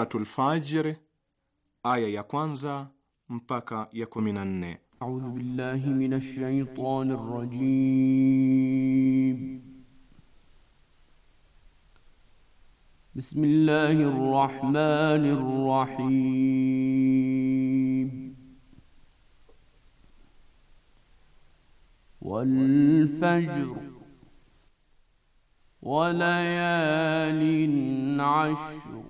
Suratul Fajr aya ya kwanza mpaka ya 14. A'udhu billahi minash shaitani rrajim. Bismillahir rahmanir rahim. Wal fajr wa layalin 'ashr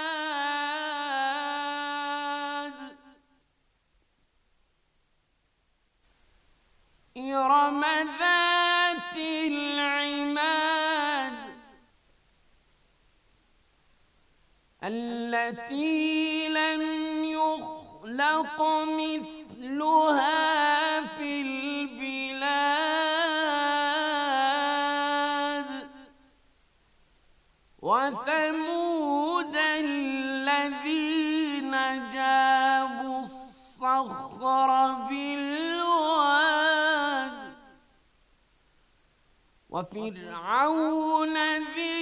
إرم ذات العماد التي لم يخلق مثلها وفرعون ذي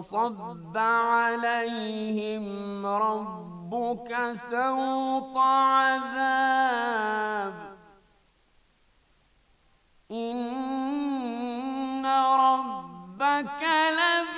فصب عليهم ربك سوط عذاب إن ربك لبيب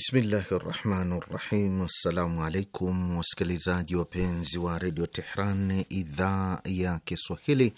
Bismillahi rahmani rahim. Assalamu alaikum wasikilizaji wapenzi wa redio Tehran, idhaa ya Kiswahili,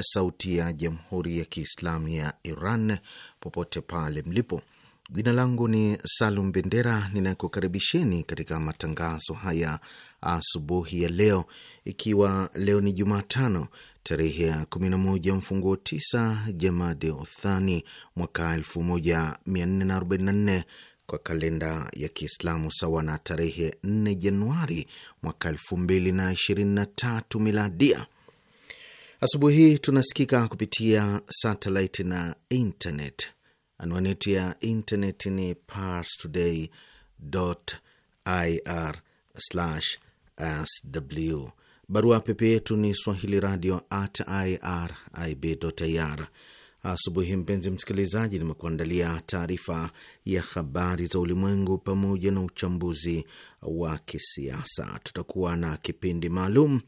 sauti ya jamhuri ya kiislamu ya Iran, popote pale mlipo. Jina langu ni Salum Bendera, ninakukaribisheni katika matangazo haya asubuhi ya leo, ikiwa leo ni Jumatano tarehe ya 11 mfunguo 9 Jamadi Uthani mwaka 1444 kwa kalenda ya Kiislamu sawa na tarehe 4 Januari mwaka 2023 miladia. Asubuhi hii tunasikika kupitia satelit na internet. Anwani yetu ya internet ni parstoday.ir/sw. Barua pepe yetu ni swahili radio at irib.ir asubuhi, mpenzi msikilizaji, nimekuandalia taarifa ya habari za ulimwengu pamoja na uchambuzi wa kisiasa. Tutakuwa na kipindi maalum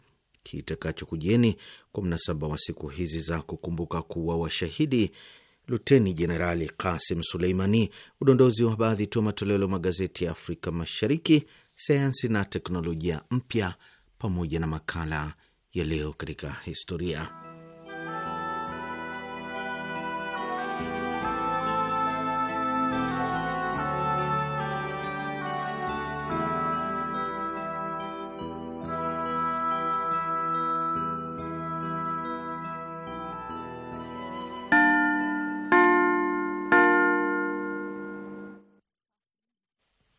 kitakachokujieni kwa mnasaba wa siku hizi za kukumbuka kuwa washahidi Luteni Jenerali Kasim Suleimani, udondozi wa baadhi tu matoleo ya magazeti ya Afrika Mashariki, sayansi na teknolojia mpya, pamoja na makala ya leo katika historia.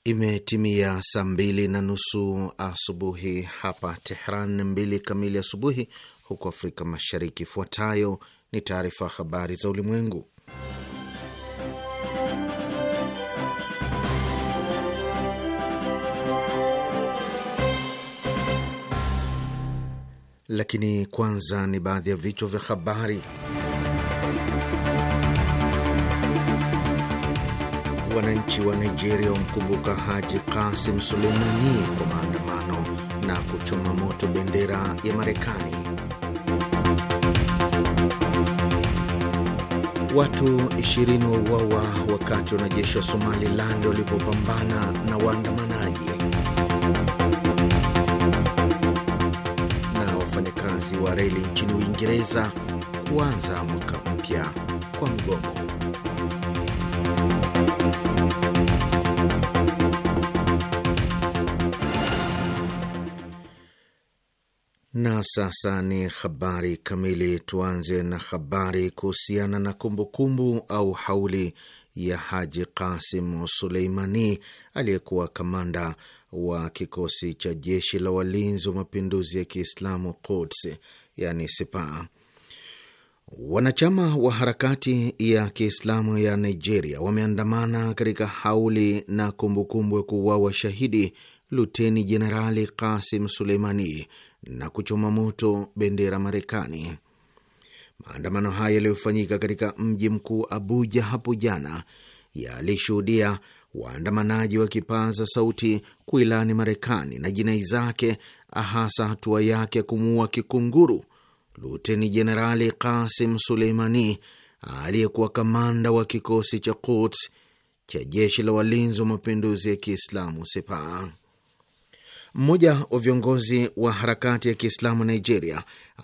Imetimia saa mbili na nusu asubuhi hapa Tehran, mbili kamili asubuhi huko Afrika Mashariki. Ifuatayo ni taarifa ya habari za ulimwengu, lakini kwanza ni baadhi ya vichwa vya habari. wananchi wa Nigeria wamkumbuka Haji Kasim Suleimani kwa maandamano na kuchoma moto bendera ya Marekani. Watu 20 wauawa wakati wanajeshi wa Somaliland walipopambana na waandamanaji. Na wafanyakazi wa reli nchini Uingereza kuanza mwaka mpya kwa mgomo. sasa ni habari kamili. Tuanze na habari kuhusiana na kumbukumbu kumbu au hauli ya Haji Kasim Suleimani aliyekuwa kamanda wa kikosi cha jeshi la walinzi wa mapinduzi ya Kiislamu Quds, yani Sepah. Wanachama wa harakati ya Kiislamu ya Nigeria wameandamana katika hauli na kumbukumbu ya kuuawa shahidi Luteni Jenerali Kasim Suleimani na kuchoma moto bendera Marekani. Maandamano haya yaliyofanyika katika mji mkuu Abuja hapo jana yalishuhudia waandamanaji wakipaza sauti kuilani Marekani na jinai zake, hasa hatua yake ya kumuua kikunguru Luteni Jenerali Kasim Suleimani aliyekuwa kamanda wa kikosi cha Quds cha jeshi la walinzi wa mapinduzi ya Kiislamu Sepah. Mmoja wa viongozi wa harakati ya Kiislamu Nigeria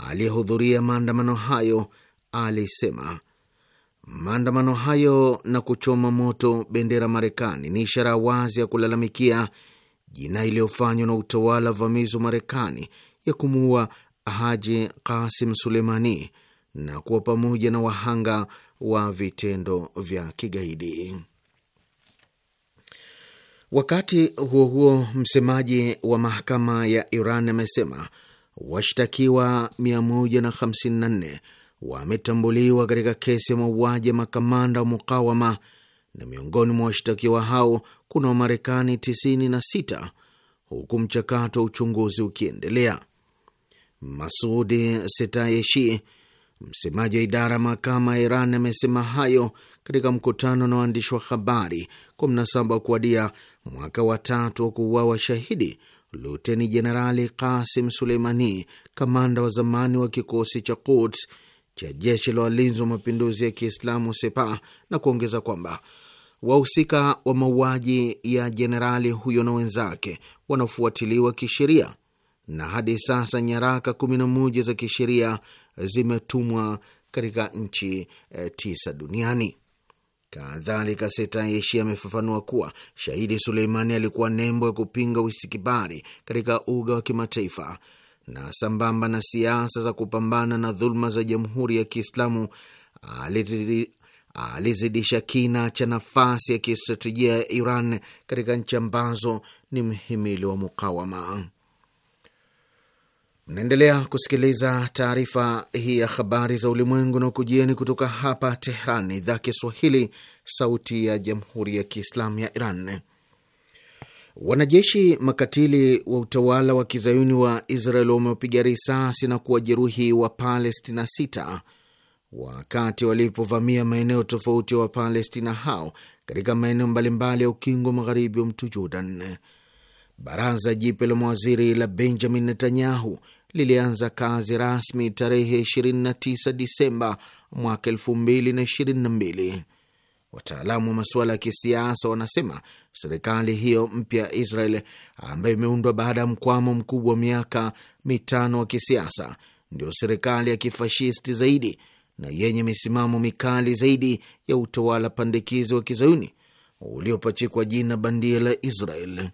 aliyehudhuria maandamano hayo alisema maandamano hayo na kuchoma moto bendera Marekani ni ishara wazi ya kulalamikia jinai iliyofanywa na utawala vamizi wa Marekani ya kumuua Haji Kasim Suleimani na kuwa pamoja na wahanga wa vitendo vya kigaidi. Wakati huo huo, msemaji wa mahakama ya Iran amesema washtakiwa 154 wametambuliwa katika kesi ya mauaji ya makamanda wa mukawama na miongoni mwa washtakiwa hao kuna Wamarekani 96 huku mchakato wa uchunguzi ukiendelea. Masudi Setayeshi, msemaji wa idara ya mahakama ya Iran, amesema hayo katika mkutano na waandishi wa habari kwa mnasaba wa kuadia mwaka wa tatu wa kuuawa shahidi Luteni Jenerali Kasim Suleimani, kamanda wa zamani wa kikosi cha Quds cha jeshi la walinzi wa mapinduzi ya Kiislamu Sepah, na kuongeza kwamba wahusika wa mauaji ya jenerali huyo na wenzake wanafuatiliwa kisheria na hadi sasa nyaraka moja za kisheria zimetumwa katika nchi eh, tisa duniani. Kadhalika, Seta Yeshi amefafanua kuwa shahidi Suleimani alikuwa nembo ya kupinga uisikibari katika uga wa kimataifa, na sambamba na siasa za kupambana na dhuluma za Jamhuri ya Kiislamu alizidisha kina cha nafasi ya kistratejia ya Iran katika nchi ambazo ni mhimili wa mukawama. Mnaendelea kusikiliza taarifa hii ya habari za ulimwengu na ukujieni kutoka hapa Tehran, idhaa Kiswahili, sauti ya jamhuri ya kiislamu ya Iran. Wanajeshi makatili wa utawala wa kizayuni wa Israel wamewapiga risasi na kuwajeruhi wa Palestina sita wakati walipovamia maeneo tofauti ya wa Wapalestina hao katika maeneo mbalimbali ya ukingo magharibi wa mto Jordan. Baraza jipya la mawaziri la Benjamin Netanyahu lilianza kazi rasmi tarehe 29 Disemba mwaka 2022. Wataalamu wa masuala ya kisiasa wanasema serikali hiyo mpya ya Israel ambayo imeundwa baada ya mkwamo mkubwa wa miaka mitano wa kisiasa ndio serikali ya kifashisti zaidi na yenye misimamo mikali zaidi ya utawala pandikizi wa kizayuni uliopachikwa jina bandia la Israel.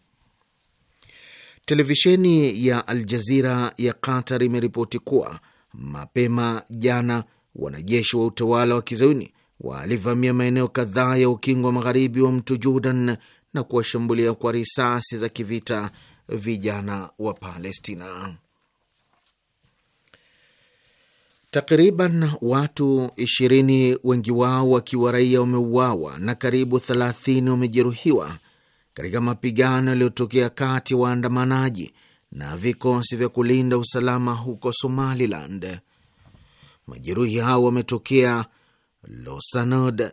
Televisheni ya Al Jazira ya Qatar imeripoti kuwa mapema jana wanajeshi wa utawala wa kizayuni walivamia maeneo kadhaa ya ukingo wa magharibi wa mto Jordan na kuwashambulia kwa risasi za kivita vijana wa Palestina. Takriban watu ishirini, wengi wao wakiwa raia, wameuawa na karibu thelathini wamejeruhiwa katika mapigano yaliyotokea kati ya waandamanaji na vikosi vya kulinda usalama huko Somaliland. Majeruhi hao wametokea Losanod,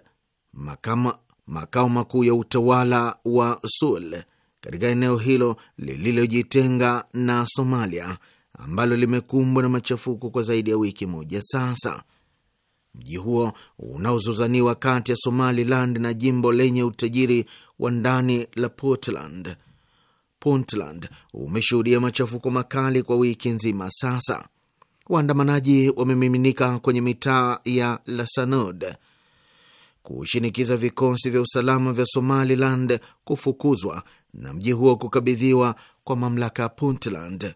makao makuu ya utawala wa Sul katika eneo hilo lililojitenga na Somalia ambalo limekumbwa na machafuko kwa zaidi ya wiki moja sasa. Mji huo unaozozaniwa kati ya Somaliland na jimbo lenye utajiri wa ndani la Portland, Puntland umeshuhudia machafuko makali kwa wiki nzima sasa. Waandamanaji wamemiminika kwenye mitaa ya Lasanod kushinikiza vikosi vya usalama vya Somaliland kufukuzwa na mji huo kukabidhiwa kwa mamlaka ya Puntland.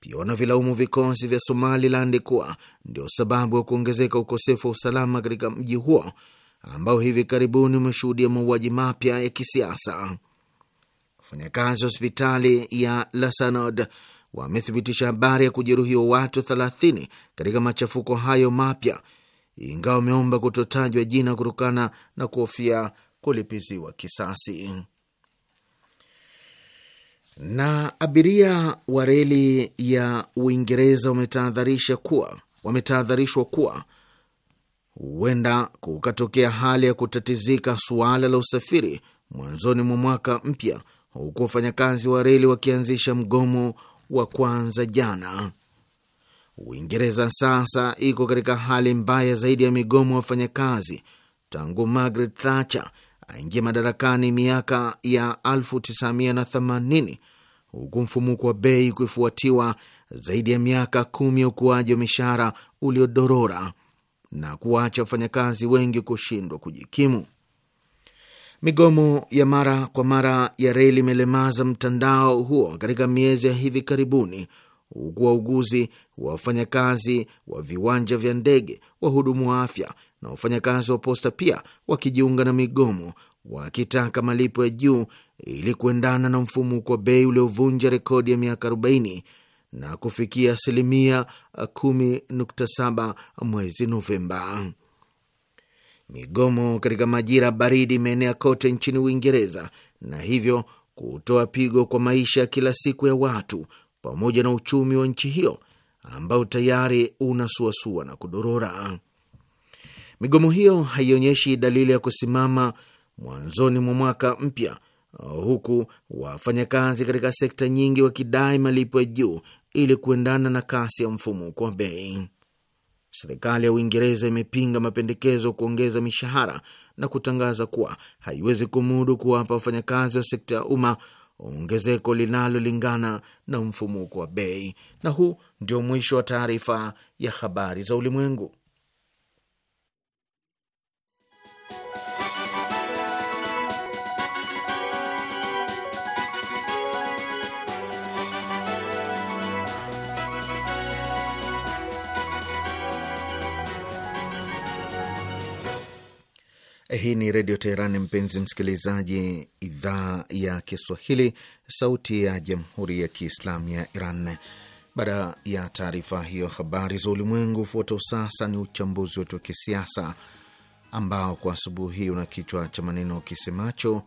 Pia wanavilaumu vikosi vya Somaliland kuwa ndio sababu ya kuongezeka ukosefu wa usalama katika mji huo ambao hivi karibuni umeshuhudia mauaji mapya ya kisiasa. Wafanyakazi wa hospitali ya Lasanod wamethibitisha habari ya kujeruhiwa watu 30 katika machafuko hayo mapya, ingawa wameomba kutotajwa jina kutokana na kuhofia kulipiziwa kisasi. Na abiria wa reli ya Uingereza wametahadharishwa kuwa huenda kukatokea hali ya kutatizika suala la usafiri mwanzoni mwa mwaka mpya, huku wafanyakazi wa reli wakianzisha mgomo wa kwanza jana. Uingereza sasa iko katika hali mbaya zaidi ya migomo ya wafanyakazi tangu Margaret Thatcher aingia madarakani miaka ya 1980 huku mfumuko wa bei kuifuatiwa zaidi ya miaka kumi ya ukuaji wa mishahara uliodorora na kuwacha wafanyakazi wengi kushindwa kujikimu. Migomo ya mara kwa mara ya reli imelemaza mtandao huo katika miezi ya hivi karibuni, huku wauguzi, wafanyakazi wa viwanja vya ndege, wahudumu wa afya na wafanyakazi wa posta pia wakijiunga na migomo, wakitaka malipo ya juu ili kuendana na mfumuko wa bei uliovunja rekodi ya miaka 40 na kufikia asilimia 10.7 uh, mwezi Novemba. Migomo katika majira baridi imeenea kote nchini Uingereza na hivyo kutoa pigo kwa maisha ya kila siku ya watu pamoja na uchumi wa nchi hiyo ambao tayari unasuasua na kudorora. Migomo hiyo haionyeshi dalili ya kusimama mwanzoni mwa mwaka mpya, uh, huku wafanyakazi katika sekta nyingi wakidai malipo ya juu ili kuendana na kasi ya mfumuko wa bei. Serikali ya Uingereza imepinga mapendekezo kuongeza mishahara na kutangaza kuwa haiwezi kumudu kuwapa wafanyakazi wa sekta ya umma ongezeko linalolingana na mfumuko wa bei. Na huu ndio mwisho wa taarifa ya habari za ulimwengu. Hii ni Redio Teheran, mpenzi msikilizaji, idhaa ya Kiswahili, sauti ya Jamhuri ya Kiislamu ya Iran. Baada ya taarifa hiyo habari za ulimwengu, foto sasa ni uchambuzi wetu wa kisiasa ambao kwa asubuhi hii una kichwa cha maneno kisemacho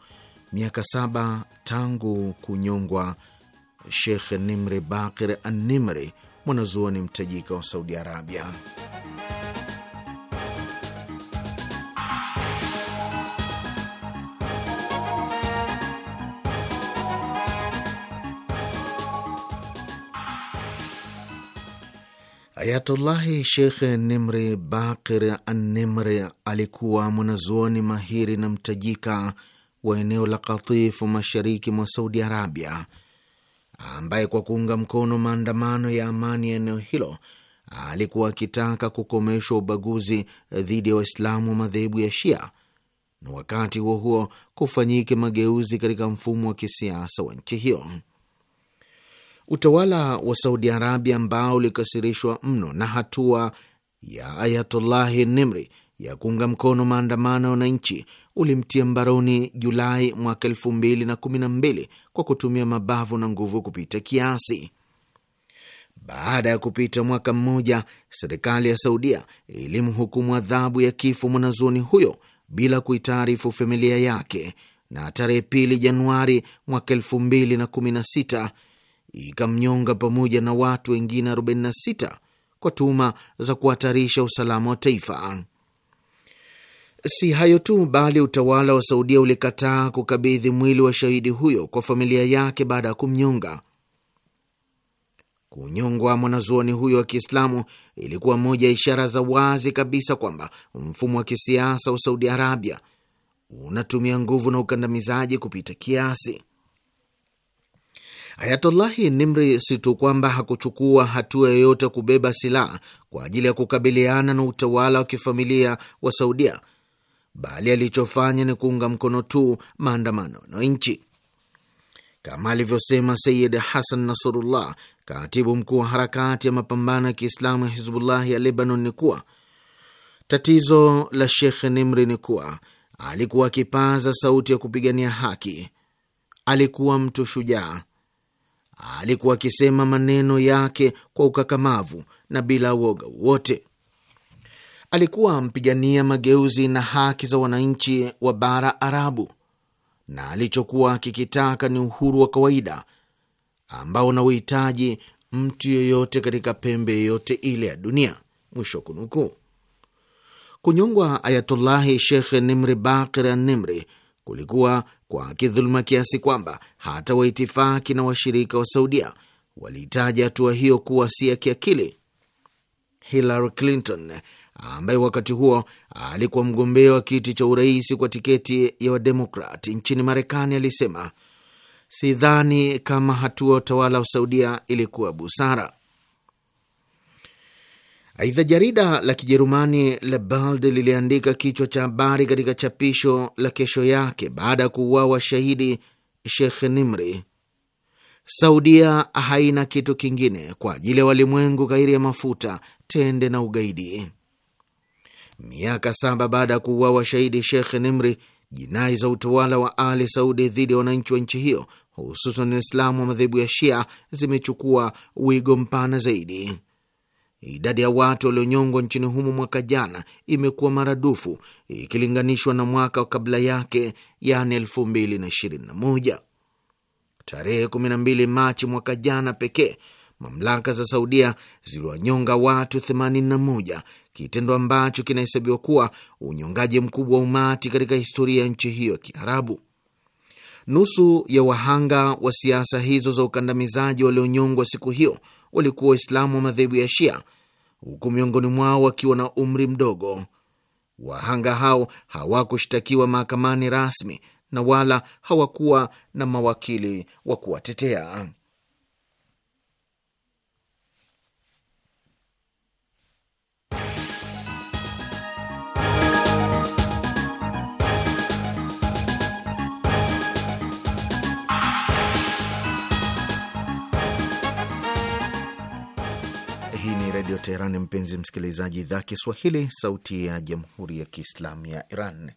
miaka saba tangu kunyongwa Sheikh Nimri Bakir animri mwanazuoni mtajika wa Saudi Arabia. Ayatullahi Sheikh Nimri Bakir an alikuwa mwanazuoni mahiri na mtajika wa eneo la Katifu mashariki mwa Saudi Arabia, ambaye kwa kuunga mkono maandamano ya amani ya eneo hilo alikuwa akitaka kukomeshwa ubaguzi dhidi ya Waislamu wa madhehebu ya Shia na wakati huo huo kufanyike mageuzi katika mfumo wa kisiasa wa nchi hiyo. Utawala wa Saudi Arabia ambao ulikasirishwa mno na hatua ya Ayatullahi Nimri ya kuunga mkono maandamano ya wananchi ulimtia mbaroni Julai mwaka elfu mbili na kumi na mbili kwa kutumia mabavu na nguvu kupita kiasi. Baada ya kupita mwaka mmoja, serikali ya Saudia ilimhukumu adhabu ya kifo mwanazuoni huyo bila kuitaarifu familia yake, na tarehe pili Januari mwaka elfu mbili na kumi na sita ikamnyonga pamoja na watu wengine 46 kwa tuhuma za kuhatarisha usalama wa taifa. Si hayo tu, bali utawala wa Saudia ulikataa kukabidhi mwili wa shahidi huyo kwa familia yake baada ya kumnyonga. Kunyongwa mwanazuoni huyo wa Kiislamu ilikuwa moja ya ishara za wazi kabisa kwamba mfumo wa kisiasa wa Saudi Arabia unatumia nguvu na ukandamizaji kupita kiasi. Ayatullahi Nimri si tu kwamba hakuchukua hatua yoyote kubeba silaha kwa ajili ya kukabiliana na utawala wa kifamilia wa Saudia, bali alichofanya ni kuunga mkono tu maandamano wananchi, kama alivyosema Sayid Hasan Nasrullah, katibu mkuu wa harakati ya mapambano ya Kiislamu ya Hizbullah ya Lebanon, ni kuwa tatizo la Shekh Nimri ni kuwa alikuwa akipaza sauti ya kupigania haki. Alikuwa mtu shujaa alikuwa akisema maneno yake kwa ukakamavu na bila uoga wowote. Alikuwa ampigania mageuzi na haki za wananchi wa bara Arabu, na alichokuwa akikitaka ni uhuru wa kawaida ambao unauhitaji mtu yoyote katika pembe yeyote ile ya dunia. Mwisho kunukuu. Kunyongwa Ayatullahi Shekh Nimri Bakir Nimri kulikuwa kwa kidhuluma kiasi kwamba hata waitifaki na washirika wa Saudia walihitaja hatua hiyo kuwa si ya kiakili. Hillary Clinton ambaye wakati huo alikuwa mgombea wa kiti cha urais kwa tiketi ya Wademokrati nchini Marekani alisema, sidhani kama hatua utawala wa Saudia ilikuwa busara. Aidha, jarida la Kijerumani la Bild liliandika kichwa cha habari katika chapisho la kesho yake baada ya kuuawa shahidi Sheikh Nimri, Saudia haina kitu kingine kwa ajili ya walimwengu ghairi ya mafuta, tende na ugaidi. Miaka saba baada ya kuuawa shahidi Sheikh Nimri, jinai za utawala wa Ali Saudi dhidi ya wananchi wa nchi hiyo, hususan Waislamu wa madhehebu ya Shia zimechukua wigo mpana zaidi idadi ya watu walionyongwa nchini humo mwaka jana imekuwa maradufu ikilinganishwa na mwaka wa kabla yake, yani 2021. Tarehe 12 Machi mwaka jana pekee mamlaka za Saudia ziliwanyonga watu 81, kitendo ambacho kinahesabiwa kuwa unyongaji mkubwa wa umati katika historia ya nchi hiyo ya Kiarabu. Nusu ya wahanga wa siasa hizo za ukandamizaji walionyongwa siku hiyo walikuwa Waislamu wa madhehebu ya Shia, huku miongoni mwao wakiwa na umri mdogo. Wahanga hao hawakushtakiwa mahakamani rasmi na wala hawakuwa na mawakili wa kuwatetea. Teherani. Mpenzi msikilizaji, idhaa Kiswahili, sauti ya jamhuri ya kiislamu ya Iran.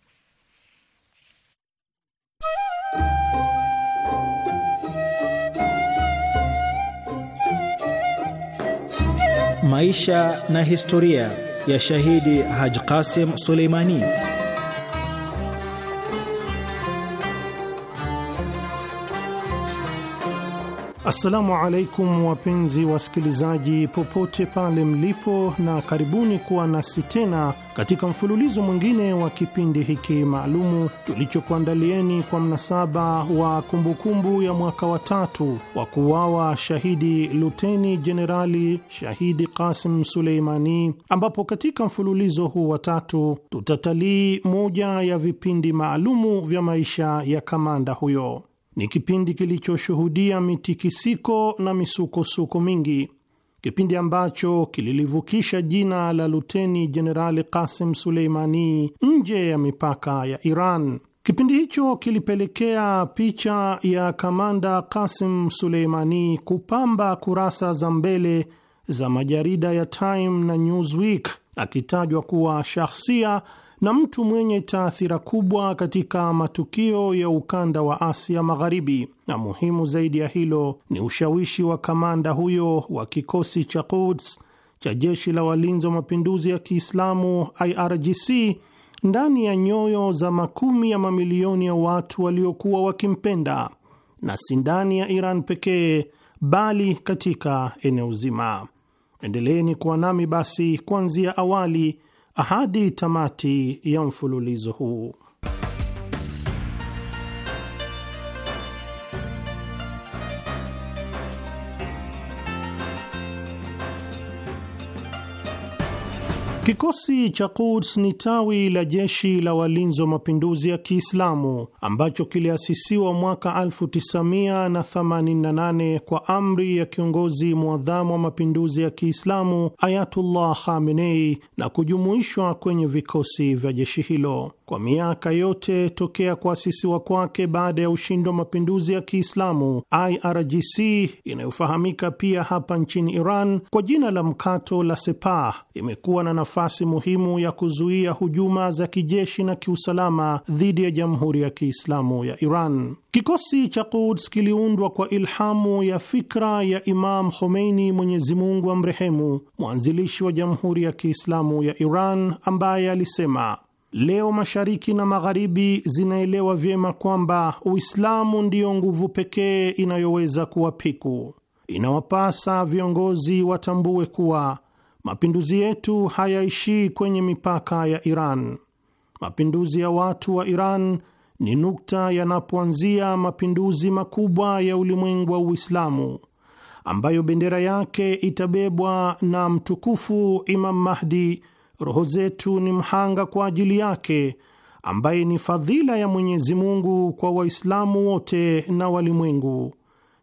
Maisha na historia ya shahidi Haj Qasim Suleimani. Assalamu alaikum wapenzi wasikilizaji, popote pale mlipo, na karibuni kuwa nasi tena katika mfululizo mwingine wa kipindi hiki maalumu tulichokuandalieni kwa mnasaba wa kumbukumbu kumbu ya mwaka wa tatu wa kuuawa shahidi luteni jenerali shahidi Kasim Suleimani, ambapo katika mfululizo huu wa tatu tutatalii moja ya vipindi maalumu vya maisha ya kamanda huyo ni kipindi kilichoshuhudia mitikisiko na misukosuko mingi, kipindi ambacho kililivukisha jina la Luteni Jenerali Kasim Suleimani nje ya mipaka ya Iran. Kipindi hicho kilipelekea picha ya kamanda Kasim Suleimani kupamba kurasa za mbele za majarida ya Time na Newsweek, akitajwa kuwa shahsia na mtu mwenye taathira kubwa katika matukio ya ukanda wa Asia Magharibi, na muhimu zaidi ya hilo ni ushawishi wa kamanda huyo wa kikosi cha Quds cha jeshi la walinzi wa mapinduzi ya Kiislamu IRGC ndani ya nyoyo za makumi ya mamilioni ya watu waliokuwa wakimpenda, na si ndani ya Iran pekee bali katika eneo zima. Endeleeni kuwa nami basi kuanzia awali Ahadi tamati ya mfululizo huu Kikosi cha Quds ni tawi la jeshi la walinzi wa mapinduzi ya Kiislamu ambacho kiliasisiwa mwaka 1988 kwa amri ya kiongozi mwadhamu wa mapinduzi ya Kiislamu Ayatullah Khamenei na kujumuishwa kwenye vikosi vya jeshi hilo. Kwa miaka yote tokea kuasisiwa kwake baada ya ushindi wa mapinduzi ya Kiislamu, IRGC inayofahamika pia hapa nchini Iran kwa jina la mkato la Sepah imekuwa na nafasi muhimu ya kuzuia hujuma za kijeshi na kiusalama dhidi ya Jamhuri ya Kiislamu ya Iran. Kikosi cha Quds kiliundwa kwa ilhamu ya fikra ya Imam Khomeini, Mwenyezi Mungu amrehemu, mwanzilishi wa Jamhuri ya Kiislamu ya Iran, ambaye alisema Leo mashariki na magharibi zinaelewa vyema kwamba Uislamu ndiyo nguvu pekee inayoweza kuwapiku. Inawapasa viongozi watambue kuwa mapinduzi yetu hayaishii kwenye mipaka ya Iran. Mapinduzi ya watu wa Iran ni nukta yanapoanzia mapinduzi makubwa ya ulimwengu wa Uislamu ambayo bendera yake itabebwa na mtukufu Imam Mahdi roho zetu ni mhanga kwa ajili yake, ambaye ni fadhila ya Mwenyezi Mungu kwa Waislamu wote na walimwengu,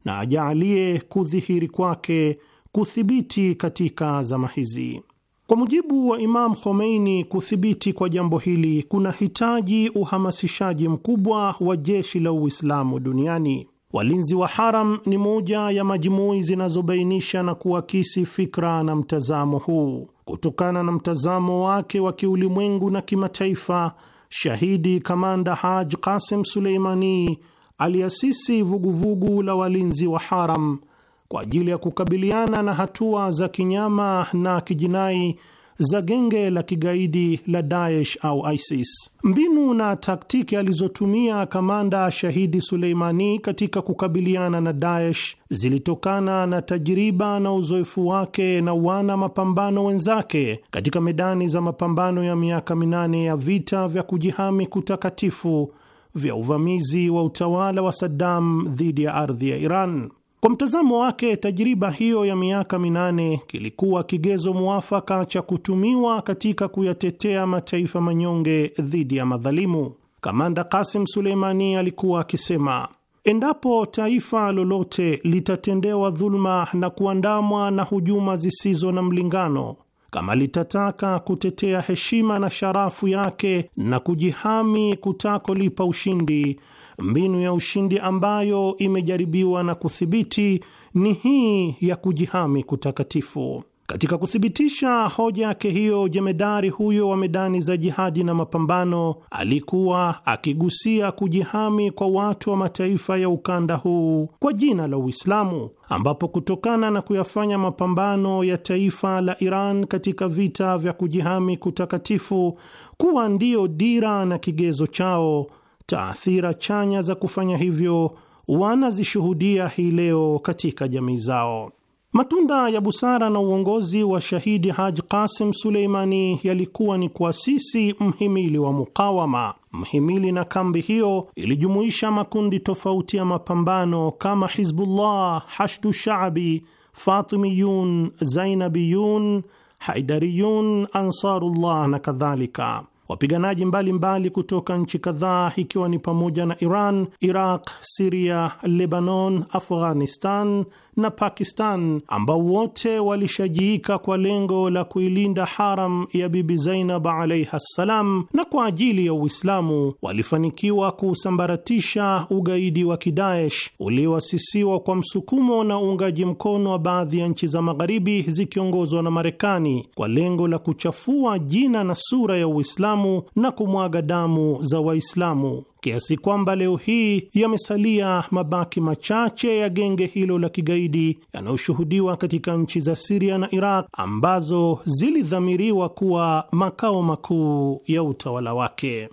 na ajaalie kudhihiri kwake kuthibiti katika zama hizi. Kwa mujibu wa Imam Khomeini, kuthibiti kwa jambo hili kuna hitaji uhamasishaji mkubwa wa jeshi la Uislamu duniani. Walinzi wa Haram ni moja ya majumui zinazobainisha na kuakisi fikra na mtazamo huu kutokana na mtazamo wake wa kiulimwengu na kimataifa, shahidi kamanda Haj Qasim Suleimani aliasisi vuguvugu la walinzi wa haram kwa ajili ya kukabiliana na hatua za kinyama na kijinai za genge la kigaidi la Daesh au ISIS. Mbinu na taktiki alizotumia kamanda shahidi Suleimani katika kukabiliana na Daesh zilitokana na tajiriba na uzoefu wake na wana mapambano wenzake katika medani za mapambano ya miaka minane ya vita vya kujihami kutakatifu vya uvamizi wa utawala wa Saddam dhidi ya ardhi ya Iran. Kwa mtazamo wake, tajiriba hiyo ya miaka minane kilikuwa kigezo muafaka cha kutumiwa katika kuyatetea mataifa manyonge dhidi ya madhalimu. Kamanda Kasim Suleimani alikuwa akisema, endapo taifa lolote litatendewa dhuluma na kuandamwa na hujuma zisizo na mlingano, kama litataka kutetea heshima na sharafu yake na kujihami kutakolipa ushindi Mbinu ya ushindi ambayo imejaribiwa na kuthibiti ni hii ya kujihami kutakatifu. Katika kuthibitisha hoja yake hiyo, jemedari huyo wa medani za jihadi na mapambano alikuwa akigusia kujihami kwa watu wa mataifa ya ukanda huu kwa jina la Uislamu, ambapo kutokana na kuyafanya mapambano ya taifa la Iran katika vita vya kujihami kutakatifu kuwa ndiyo dira na kigezo chao taathira chanya za kufanya hivyo wanazishuhudia hii leo katika jamii zao. Matunda ya busara na uongozi wa shahidi Haj Qasim Suleimani yalikuwa ni kuasisi mhimili wa mukawama. Mhimili na kambi hiyo ilijumuisha makundi tofauti ya mapambano kama Hizbullah, Hashdu Shaabi, Fatimiyun, Zainabiyun, Haidariyun, Ansarullah na kadhalika wapiganaji mbalimbali mbali kutoka nchi kadhaa ikiwa ni pamoja na Iran, Iraq, Siria, Lebanon, Afghanistan na Pakistan ambao wote walishajiika kwa lengo la kuilinda haram ya Bibi Zainab alaiha ssalam, na kwa ajili ya Uislamu walifanikiwa kuusambaratisha ugaidi wa Kidaesh ulioasisiwa kwa msukumo na uungaji mkono wa baadhi ya nchi za Magharibi zikiongozwa na Marekani kwa lengo la kuchafua jina na sura ya Uislamu na kumwaga damu za Waislamu kiasi kwamba leo hii yamesalia mabaki machache ya genge hilo la kigaidi yanayoshuhudiwa katika nchi za Siria na Iraq ambazo zilidhamiriwa kuwa makao makuu ya utawala wake.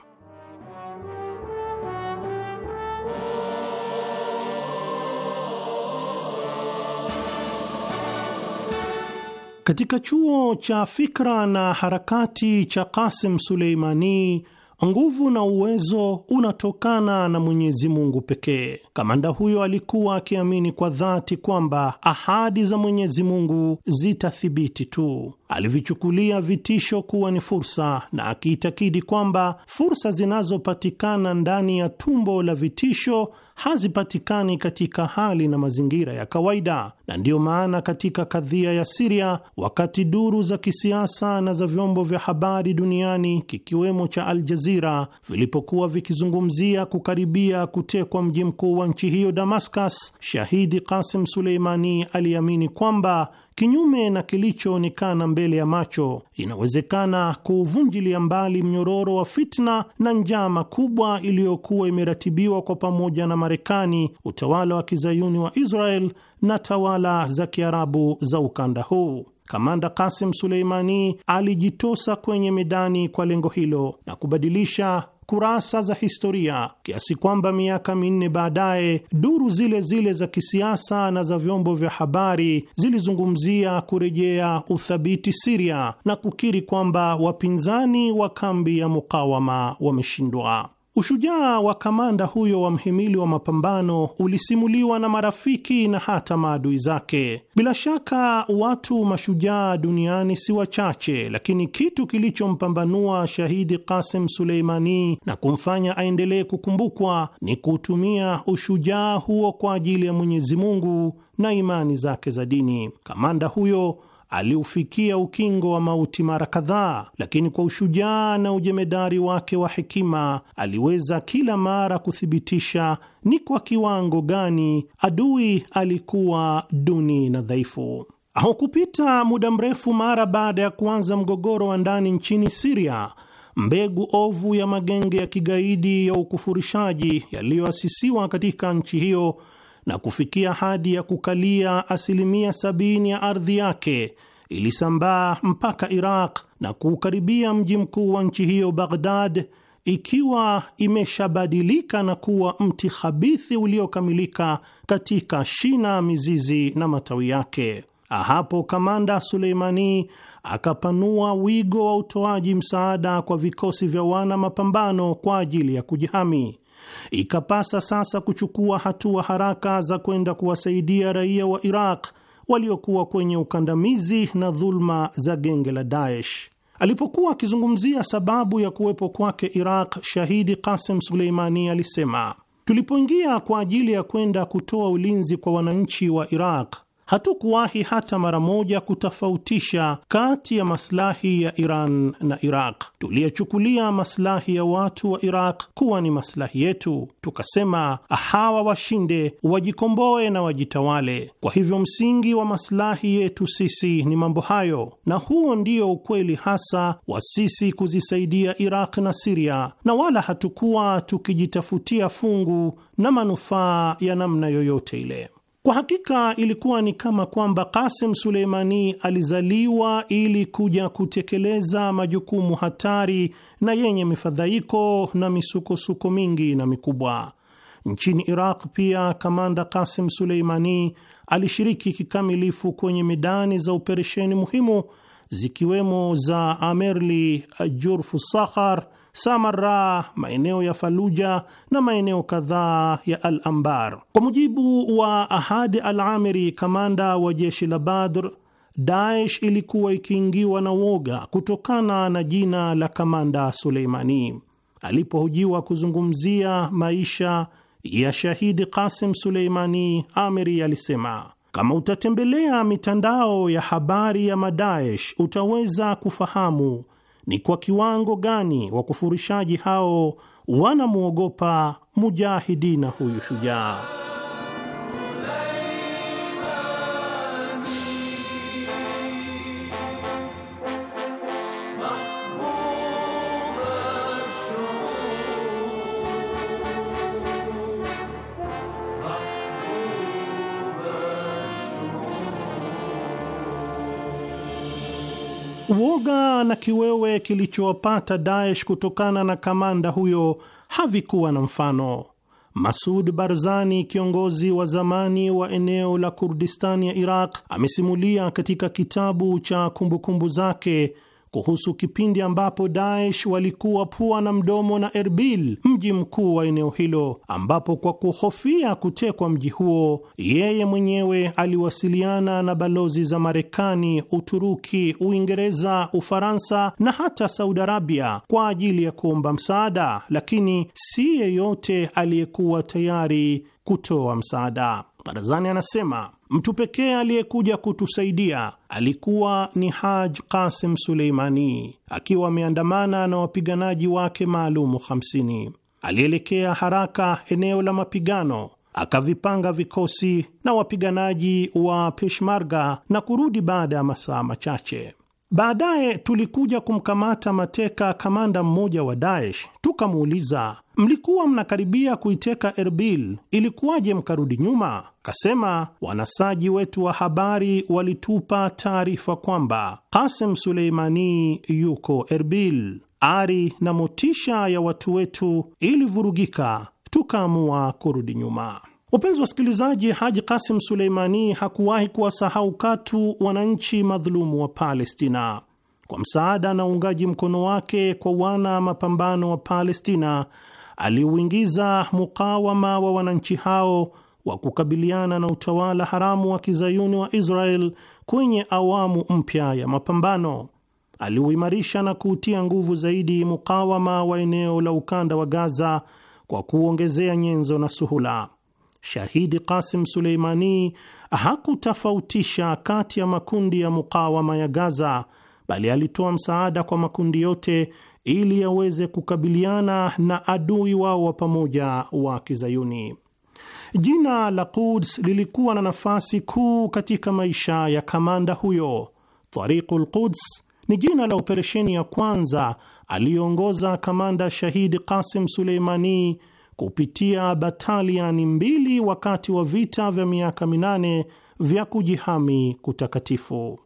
Katika chuo cha fikra na harakati cha Kasim Suleimani Nguvu na uwezo unatokana na Mwenyezi Mungu pekee. Kamanda huyo alikuwa akiamini kwa dhati kwamba ahadi za Mwenyezi Mungu zitathibiti tu. Alivichukulia vitisho kuwa ni fursa, na akiitakidi kwamba fursa zinazopatikana ndani ya tumbo la vitisho hazipatikani katika hali na mazingira ya kawaida. Na ndiyo maana katika kadhia ya Siria, wakati duru za kisiasa na za vyombo vya habari duniani kikiwemo cha Al Jazira vilipokuwa vikizungumzia kukaribia kutekwa mji mkuu wa nchi hiyo Damascus, shahidi kasim Suleimani aliamini kwamba kinyume na kilichoonekana mbele ya macho, inawezekana kuuvunjilia mbali mnyororo wa fitna na njama kubwa iliyokuwa imeratibiwa kwa pamoja na Marekani, utawala wa kizayuni wa Israel na tawala za kiarabu za ukanda huu. Kamanda Kasim Suleimani alijitosa kwenye medani kwa lengo hilo na kubadilisha kurasa za historia kiasi kwamba miaka minne baadaye duru zile zile za kisiasa na za vyombo vya habari zilizungumzia kurejea uthabiti Siria na kukiri kwamba wapinzani wa kambi ya mukawama wameshindwa. Ushujaa wa kamanda huyo wa mhimili wa mapambano ulisimuliwa na marafiki na hata maadui zake. Bila shaka watu mashujaa duniani si wachache, lakini kitu kilichompambanua shahidi Qasim Suleimani na kumfanya aendelee kukumbukwa ni kuutumia ushujaa huo kwa ajili ya Mwenyezi Mungu na imani zake za dini. Kamanda huyo aliufikia ukingo wa mauti mara kadhaa, lakini kwa ushujaa na ujemedari wake wa hekima aliweza kila mara kuthibitisha ni kwa kiwango gani adui alikuwa duni na dhaifu. Haukupita muda mrefu mara baada ya kuanza mgogoro wa ndani nchini Siria, mbegu ovu ya magenge ya kigaidi ya ukufurishaji yaliyoasisiwa katika nchi hiyo na kufikia hadi ya kukalia asilimia sabini ya ardhi yake, ilisambaa mpaka Iraq na kuukaribia mji mkuu wa nchi hiyo Baghdad, ikiwa imeshabadilika na kuwa mti khabithi uliokamilika katika shina, mizizi na matawi yake. Hapo kamanda Suleimani akapanua wigo wa utoaji msaada kwa vikosi vya wana mapambano kwa ajili ya kujihami. Ikapasa sasa kuchukua hatua haraka za kwenda kuwasaidia raia wa Iraq waliokuwa kwenye ukandamizi na dhulma za genge la Daesh. Alipokuwa akizungumzia sababu ya kuwepo kwake Iraq, shahidi Qasim Suleimani alisema, tulipoingia kwa ajili ya kwenda kutoa ulinzi kwa wananchi wa Iraq hatukuwahi hata mara moja kutofautisha kati ya maslahi ya Iran na Iraq. Tuliyechukulia maslahi ya watu wa Iraq kuwa ni maslahi yetu, tukasema hawa washinde, wajikomboe na wajitawale. Kwa hivyo msingi wa maslahi yetu sisi ni mambo hayo, na huo ndio ukweli hasa wa sisi kuzisaidia Iraq na Siria, na wala hatukuwa tukijitafutia fungu na manufaa ya namna yoyote ile. Kwa hakika ilikuwa ni kama kwamba Kasim Suleimani alizaliwa ili kuja kutekeleza majukumu hatari na yenye mifadhaiko na misukosuko mingi na mikubwa. Nchini Iraq pia kamanda Kasim Suleimani alishiriki kikamilifu kwenye medani za operesheni muhimu zikiwemo za Amerli, Jurfu Sakhar samara maeneo ya Faluja na maeneo kadhaa ya Al Ambar. Kwa mujibu wa Ahadi Al Amiri, kamanda wa jeshi la Badr, Daesh ilikuwa ikiingiwa na woga kutokana na jina la kamanda Suleimani. Alipohojiwa kuzungumzia maisha ya shahidi Qasim Suleimani, Amiri alisema kama utatembelea mitandao ya habari ya Madaesh utaweza kufahamu ni kwa kiwango gani wakufurishaji hao wanamwogopa mujahidina huyu shujaa. Uoga na kiwewe kilichowapata Daesh kutokana na kamanda huyo havikuwa na mfano. Masud Barzani, kiongozi wa zamani wa eneo la Kurdistani ya Iraq, amesimulia katika kitabu cha kumbukumbu zake kuhusu kipindi ambapo Daesh walikuwa pua na mdomo na Erbil, mji mkuu wa eneo hilo, ambapo kwa kuhofia kutekwa mji huo, yeye mwenyewe aliwasiliana na balozi za Marekani, Uturuki, Uingereza, Ufaransa na hata Saudi Arabia kwa ajili ya kuomba msaada, lakini si yeyote aliyekuwa tayari kutoa msaada. Barzani anasema Mtu pekee aliyekuja kutusaidia alikuwa ni Haj Qasim Suleimani akiwa ameandamana na wapiganaji wake maalumu 50. Alielekea haraka eneo la mapigano akavipanga vikosi na wapiganaji wa Peshmarga na kurudi baada ya masaa machache. Baadaye tulikuja kumkamata mateka kamanda mmoja wa Daesh, tukamuuliza, mlikuwa mnakaribia kuiteka Erbil, ilikuwaje mkarudi nyuma? Kasema wanasaji wetu wa habari walitupa taarifa kwamba kasem Suleimani yuko Erbil. Ari na motisha ya watu wetu ilivurugika, tukaamua kurudi nyuma. Wapenzi wasikilizaji, Haji Kasim Suleimani hakuwahi kuwasahau katu wananchi madhulumu wa Palestina. Kwa msaada na uungaji mkono wake kwa wana mapambano wa Palestina, aliuingiza mukawama wa wananchi hao wa kukabiliana na utawala haramu wa kizayuni wa Israel kwenye awamu mpya ya mapambano. Aliuimarisha na kuutia nguvu zaidi mukawama wa eneo la ukanda wa Gaza kwa kuongezea nyenzo na suhula. Shahidi Qasim Suleimani hakutofautisha kati ya makundi ya mukawama ya Gaza, bali alitoa msaada kwa makundi yote ili yaweze kukabiliana na adui wao wa pamoja wa Kizayuni. Jina la Quds lilikuwa na nafasi kuu katika maisha ya kamanda huyo. Tariqul Quds ni jina la operesheni ya kwanza aliyoongoza kamanda shahidi Qasim Suleimani kupitia bataliani mbili wakati wa vita vya miaka minane vya kujihami kutakatifu.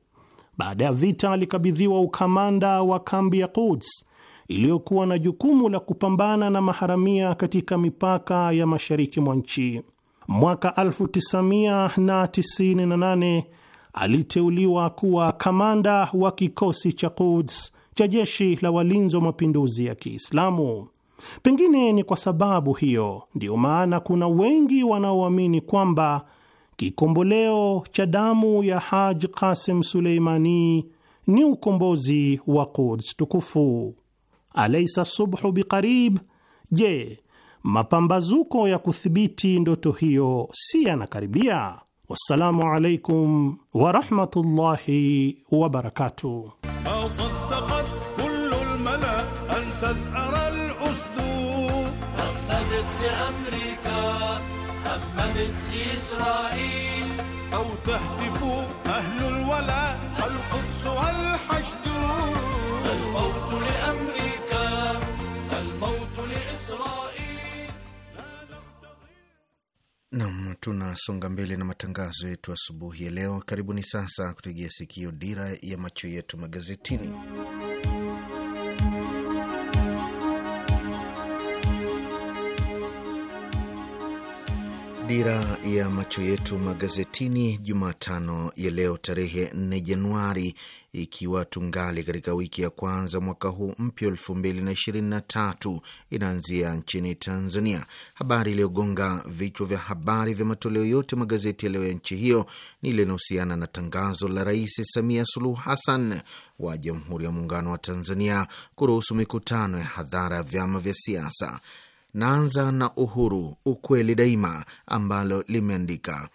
Baada ya vita, alikabidhiwa ukamanda wa kambi ya Quds iliyokuwa na jukumu la kupambana na maharamia katika mipaka ya mashariki mwa nchi. Mwaka 1998 aliteuliwa kuwa kamanda wa kikosi cha Quds cha jeshi la walinzi wa mapinduzi ya Kiislamu. Pengine ni kwa sababu hiyo ndiyo maana kuna wengi wanaoamini kwamba kikomboleo cha damu ya Haj Qasim Suleimani ni ukombozi wa Quds tukufu. Alaisa subhu biqarib? Je, mapambazuko ya kuthibiti ndoto hiyo si yanakaribia? Wassalamu alaikum warahmatullahi wabarakatuh. تزأر الأسدود هممت لأمريكا هممت لإسرائيل أو تهتف أهل الولاء القدس والحشد الموت لأمريكا الموت لإسرائيل Nam, tunasonga mbele na matangazo yetu asubuhi ya leo. Karibuni sasa kutegea sikio dira ya macho yetu magazetini. Dira ya macho yetu magazetini Jumatano ya leo tarehe 4 Januari, ikiwa tungali katika wiki ya kwanza mwaka huu mpya elfu mbili na ishirini na tatu inaanzia nchini Tanzania. Habari iliyogonga vichwa vya habari vya matoleo yote magazeti ya leo ya nchi hiyo ni ile inahusiana na tangazo la Rais Samia Suluhu Hassan wa Jamhuri ya Muungano wa Tanzania kuruhusu mikutano ya hadhara ya vyama vya siasa. Naanza na Uhuru, ukweli daima, ambalo limeandika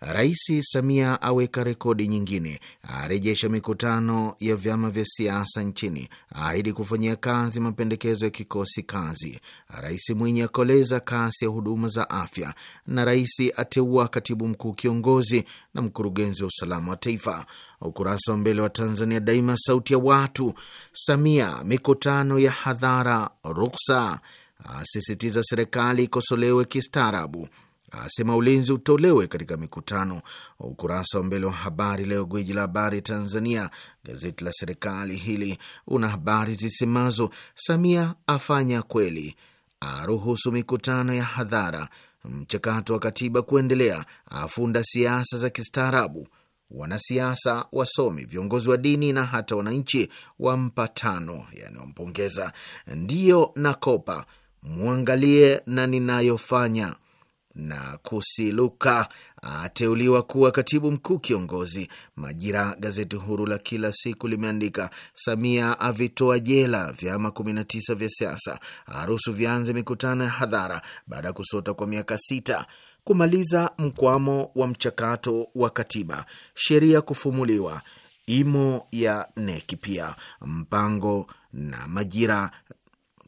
Rais Samia aweka rekodi nyingine, arejesha mikutano ya vyama vya siasa nchini, aahidi kufanyia kazi mapendekezo ya kikosi kazi. Rais Mwinyi akoleza kasi ya huduma za afya, na rais ateua katibu mkuu kiongozi na mkurugenzi wa usalama wa taifa. Ukurasa wa mbele wa Tanzania Daima, sauti ya watu, Samia mikutano ya hadhara ruksa asisitiza serikali ikosolewe kistaarabu, asema ulinzi utolewe katika mikutano. Ukurasa wa mbele wa habari leo, gwiji la habari Tanzania, gazeti la serikali hili, una habari zisemazo: Samia afanya kweli, aruhusu mikutano ya hadhara, mchakato wa katiba kuendelea, afunda siasa za kistaarabu wanasiasa, wasomi, viongozi wa dini na hata wananchi wampatano, yani wampongeza. Ndiyo nakopa mwangalie na ninayofanya na Kusiluka ateuliwa kuwa katibu mkuu kiongozi. Majira, gazeti huru la kila siku, limeandika Samia avitoa jela vyama 19 vya siasa, harusu vianze mikutano ya hadhara baada ya kusota kwa miaka sita, kumaliza mkwamo wa mchakato wa katiba, sheria kufumuliwa, imo ya neki pia mpango na Majira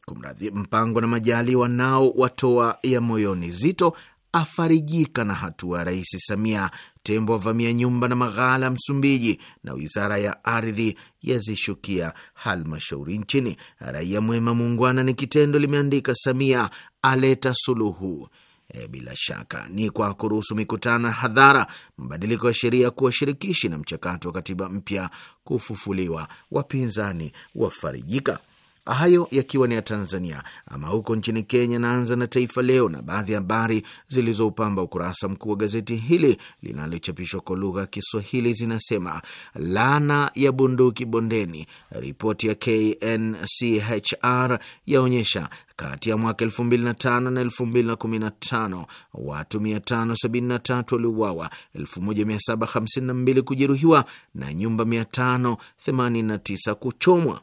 Kumradhi, Mpango na Majaliwa nao watoa ya moyoni. Zito afarijika na hatua ya Rais Samia. Tembo wavamia nyumba na maghala Msumbiji, na wizara ya ardhi yazishukia halmashauri nchini. Raia Mwema muungwana ni kitendo, limeandika Samia aleta suluhu. E, bila shaka ni kwa kuruhusu mikutano ya hadhara, mabadiliko ya sheria kuwa shirikishi na mchakato wa katiba mpya kufufuliwa. Wapinzani wafarijika hayo yakiwa ni ya Tanzania. Ama huko nchini Kenya, naanza na Taifa Leo na baadhi ya habari zilizoupamba ukurasa mkuu wa gazeti hili linalochapishwa kwa lugha ya Kiswahili zinasema: laana ya bunduki bondeni, ripoti ya KNCHR yaonyesha kati ya mwaka 2005 na 2015 watu 573 waliuawa, 1752 kujeruhiwa na nyumba 589 kuchomwa.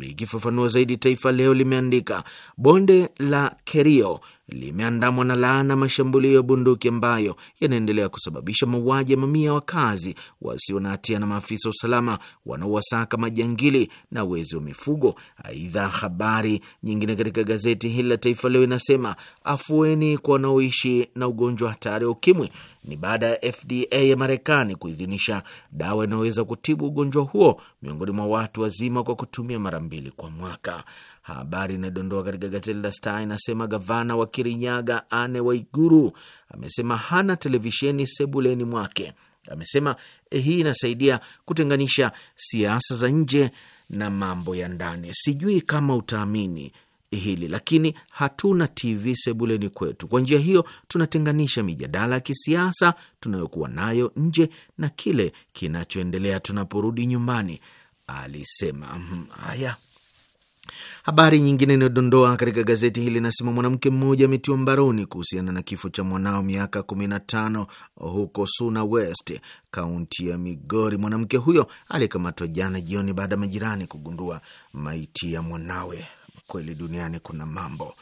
Likifafanua zaidi, Taifa Leo limeandika bonde la Kerio limeandamwa na laana mashambulio ya bunduki ambayo yanaendelea kusababisha mauaji ya mamia ya wakazi wasio na hatia na maafisa wa usalama wanaowasaka majangili na wezi wa mifugo. Aidha, habari nyingine katika gazeti hili la Taifa Leo inasema afueni kwa wanaoishi na ugonjwa hatari wa ukimwi ni baada ya FDA ya Marekani kuidhinisha dawa inayoweza kutibu ugonjwa huo miongoni mwa watu wazima kwa kutumia mara mbili kwa mwaka. Habari inayodondoa katika gazeti la Star inasema gavana wa Kirinyaga Ane Waiguru amesema hana televisheni sebuleni mwake. Amesema eh, hii inasaidia kutenganisha siasa za nje na mambo ya ndani. Sijui kama utaamini hili lakini hatuna TV sebuleni kwetu. Kwa njia hiyo tunatenganisha mijadala ya kisiasa tunayokuwa nayo nje na kile kinachoendelea tunaporudi nyumbani, alisema. Hmm, haya, Habari nyingine inayodondoa katika gazeti hili inasema mwanamke mmoja ametiwa mbaroni kuhusiana na kifo cha mwanao miaka 15 huko Suna West, kaunti ya Migori. Mwanamke huyo alikamatwa jana jioni baada ya majirani kugundua maiti ya mwanawe. Kweli duniani kuna mambo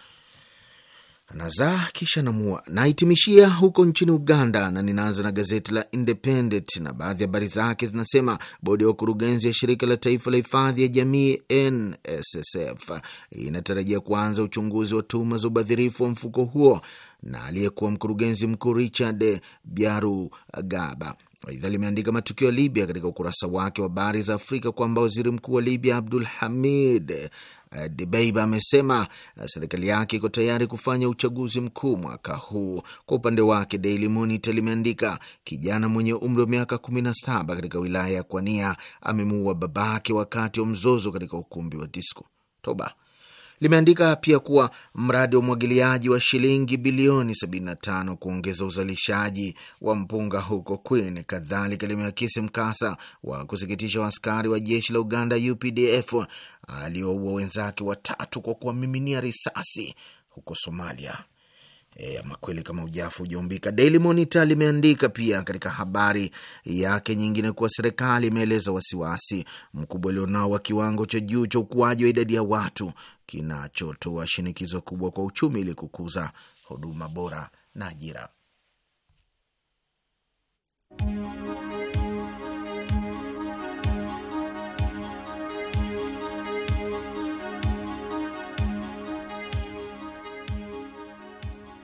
anazaa kisha namua. Nahitimishia huko nchini Uganda, na ninaanza na gazeti la Independent na baadhi ya habari zake zinasema: bodi ya ukurugenzi ya shirika la taifa la hifadhi ya jamii NSSF inatarajia kuanza uchunguzi wa tuhuma za ubadhirifu wa mfuko huo na aliyekuwa mkurugenzi mkuu Richard Byarugaba Aidha limeandika matukio ya Libya katika ukurasa wake wa habari za Afrika kwamba waziri mkuu wa Libya Abdul Hamid Dibeiba amesema eh, serikali yake iko tayari kufanya uchaguzi mkuu mwaka huu. Kwa upande wake, Daily Monitor limeandika kijana mwenye umri wa miaka 17 katika wilaya ya Kwania amemuua babake wakati wa mzozo katika ukumbi wa disko. Toba limeandika pia kuwa mradi wa umwagiliaji wa shilingi bilioni 75 kuongeza uzalishaji wa mpunga huko Queen. Kadhalika limeakisi mkasa wa kusikitisha wa askari wa jeshi la Uganda UPDF alioua wenzake watatu kwa kuwamiminia risasi huko Somalia e, ama kweli kama ujafu ujaumbika. Daily Monitor limeandika pia katika habari yake nyingine kuwa serikali imeeleza wasiwasi mkubwa ulionao wa kiwango cha juu cha ukuaji wa idadi ya watu kinachotoa wa shinikizo kubwa kwa uchumi ili kukuza huduma bora na ajira.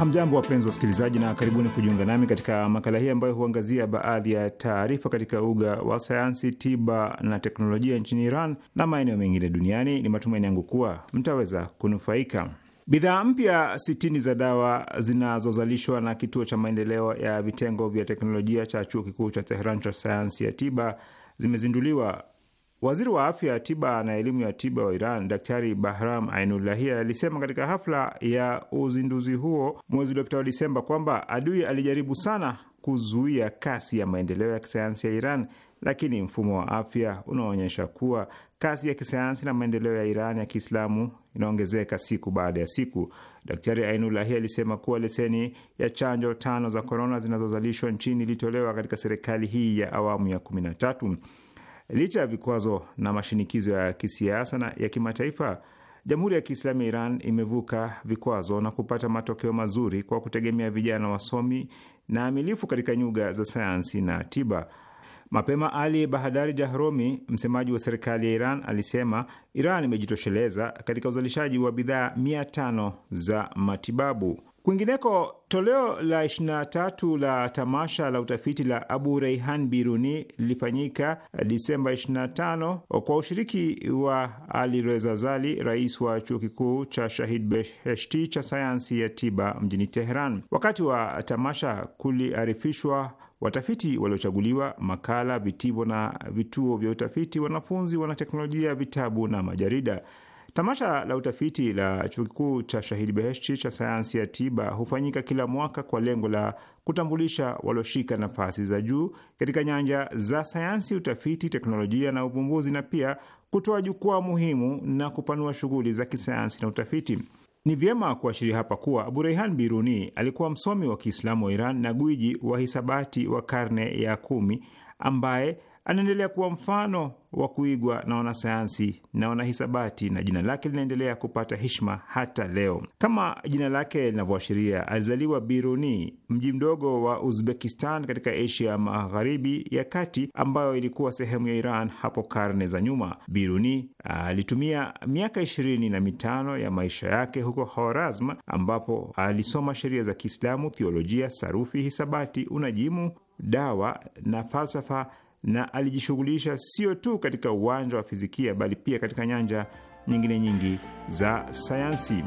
Hamjambo, wapenzi wa wasikilizaji, na karibuni kujiunga nami katika makala hii ambayo huangazia baadhi ya taarifa katika uga wa sayansi, tiba na teknolojia nchini Iran na maeneo mengine duniani. Ni matumaini yangu kuwa mtaweza kunufaika. Bidhaa mpya sitini za dawa zinazozalishwa na kituo cha maendeleo ya vitengo vya teknolojia cha chuo kikuu cha Teheran cha sayansi ya tiba zimezinduliwa Waziri wa afya tiba na elimu ya tiba wa Iran Daktari Bahram Ainullahi alisema katika hafla ya uzinduzi huo mwezi uliopita wa Disemba kwamba adui alijaribu sana kuzuia kasi ya maendeleo ya kisayansi ya Iran, lakini mfumo wa afya unaonyesha kuwa kasi ya kisayansi na maendeleo ya Iran ya Kiislamu inaongezeka siku baada ya siku. Daktari ainulahi alisema kuwa leseni ya chanjo tano za korona zinazozalishwa nchini ilitolewa katika serikali hii ya awamu ya kumi na tatu. Licha ya vikwazo na mashinikizo ya kisiasa na ya kimataifa, Jamhuri ya Kiislamu ya Iran imevuka vikwazo na kupata matokeo mazuri kwa kutegemea vijana wasomi na amilifu katika nyuga za sayansi na tiba. Mapema Ali Bahadari Jahromi, msemaji wa serikali ya Iran, alisema Iran imejitosheleza katika uzalishaji wa bidhaa mia tano za matibabu. Kwingineko, toleo la 23 la tamasha la utafiti la Abu Reihan Biruni lilifanyika Disemba 25 kwa ushiriki wa Ali Reza Zali, rais wa chuo kikuu cha Shahid Beheshti cha sayansi ya tiba mjini Teheran. Wakati wa tamasha kuliarifishwa watafiti waliochaguliwa, makala, vitivo na vituo vya utafiti, wanafunzi, wanateknolojia, vitabu na majarida. Tamasha la utafiti la chuo kikuu cha Shahidi Beheshti cha sayansi ya tiba hufanyika kila mwaka kwa lengo la kutambulisha walioshika nafasi za juu katika nyanja za sayansi, utafiti, teknolojia na uvumbuzi, na pia kutoa jukwaa muhimu na kupanua shughuli za kisayansi na utafiti. Ni vyema kuashiria hapa kuwa Abu Reihan Biruni alikuwa msomi wa Kiislamu wa Iran na gwiji wa hisabati wa karne ya kumi ambaye Anaendelea kuwa mfano wa kuigwa na wanasayansi na wanahisabati na jina lake linaendelea kupata heshima hata leo. Kama jina lake linavyoashiria, alizaliwa Biruni, mji mdogo wa Uzbekistan katika Asia Magharibi ya kati, ambayo ilikuwa sehemu ya Iran hapo karne za nyuma. Biruni alitumia miaka ishirini na mitano ya maisha yake huko Horazm, ambapo alisoma sheria za Kiislamu, thiolojia, sarufi, hisabati, unajimu, dawa na falsafa na alijishughulisha sio tu katika uwanja wa fizikia bali pia katika nyanja nyingine nyingi za sayansi.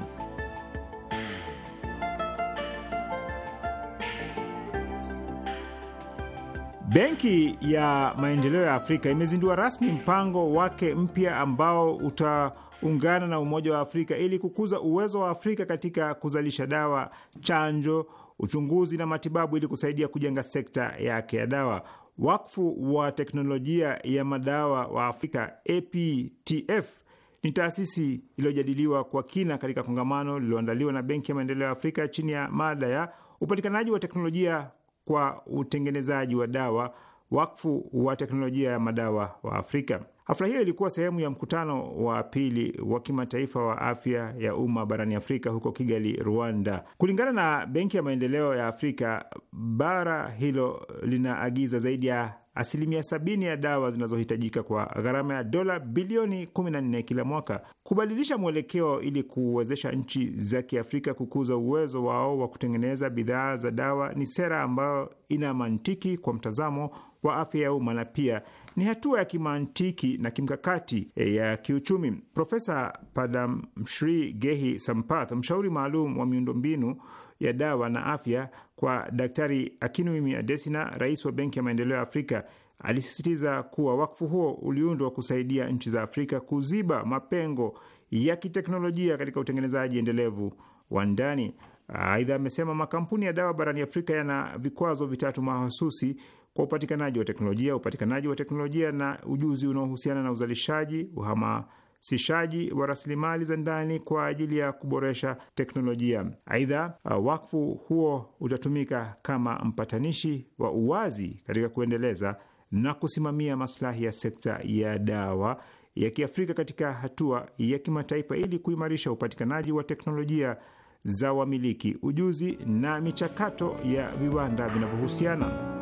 Benki ya Maendeleo ya Afrika imezindua rasmi mpango wake mpya ambao utaungana na Umoja wa Afrika ili kukuza uwezo wa Afrika katika kuzalisha dawa, chanjo uchunguzi na matibabu ili kusaidia kujenga sekta yake ya dawa. Wakfu wa teknolojia ya madawa wa Afrika APTF ni taasisi iliyojadiliwa kwa kina katika kongamano lililoandaliwa na Benki ya Maendeleo ya Afrika chini ya mada ya upatikanaji wa teknolojia kwa utengenezaji wa dawa, wakfu wa teknolojia ya madawa wa Afrika. Hafla hiyo ilikuwa sehemu ya mkutano wa pili wa kimataifa wa afya ya umma barani Afrika huko Kigali, Rwanda. Kulingana na Benki ya Maendeleo ya Afrika, bara hilo linaagiza zaidi ya asilimia sabini ya dawa zinazohitajika kwa gharama ya dola bilioni 14 kila mwaka. Kubadilisha mwelekeo ili kuwezesha nchi za Kiafrika kukuza uwezo wao wa kutengeneza bidhaa za dawa ni sera ambayo ina mantiki kwa mtazamo wa afya ya umma na pia ni hatua ya kimantiki na kimkakati eh, ya kiuchumi. Profesa Padamshri Gehi Sampath, mshauri maalum wa miundombinu ya dawa na afya kwa Daktari Akinwumi Adesina, rais wa Benki ya Maendeleo ya Afrika, alisisitiza kuwa wakfu huo uliundwa kusaidia nchi za Afrika kuziba mapengo ya kiteknolojia katika utengenezaji endelevu wa ndani. Aidha, amesema makampuni ya dawa barani Afrika yana vikwazo vitatu mahususi kwa upatikanaji wa teknolojia, upatikanaji wa teknolojia na ujuzi unaohusiana na uzalishaji, uhamasishaji wa rasilimali za ndani kwa ajili ya kuboresha teknolojia. Aidha, uh, wakfu huo utatumika kama mpatanishi wa uwazi katika kuendeleza na kusimamia maslahi ya sekta ya dawa ya Kiafrika katika hatua ya kimataifa ili kuimarisha upatikanaji wa teknolojia za wamiliki, ujuzi na michakato ya viwanda vinavyohusiana.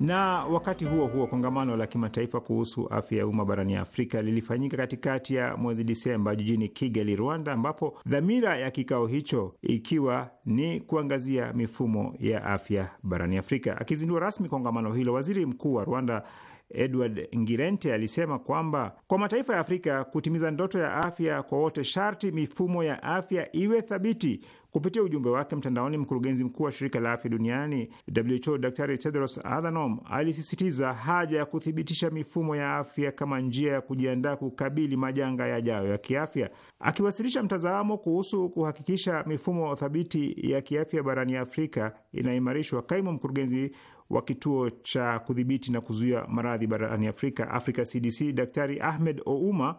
Na wakati huo huo, kongamano la kimataifa kuhusu afya ya umma barani Afrika lilifanyika katikati ya mwezi Disemba jijini Kigali, Rwanda, ambapo dhamira ya kikao hicho ikiwa ni kuangazia mifumo ya afya barani Afrika. Akizindua rasmi kongamano hilo, waziri mkuu wa Rwanda Edward Ngirente alisema kwamba kwa mataifa ya Afrika kutimiza ndoto ya afya kwa wote, sharti mifumo ya afya iwe thabiti Kupitia ujumbe wake mtandaoni, mkurugenzi mkuu wa shirika la afya duniani WHO dr Tedros Adhanom alisisitiza haja ya kuthibitisha mifumo ya afya kama njia ya kujiandaa kukabili majanga yajayo ya kiafya. Akiwasilisha mtazamo kuhusu kuhakikisha mifumo thabiti ya kiafya barani Afrika inaimarishwa, kaimu mkurugenzi wa kituo cha kudhibiti na kuzuia maradhi barani Afrika, Africa CDC, Daktari Ahmed Ouma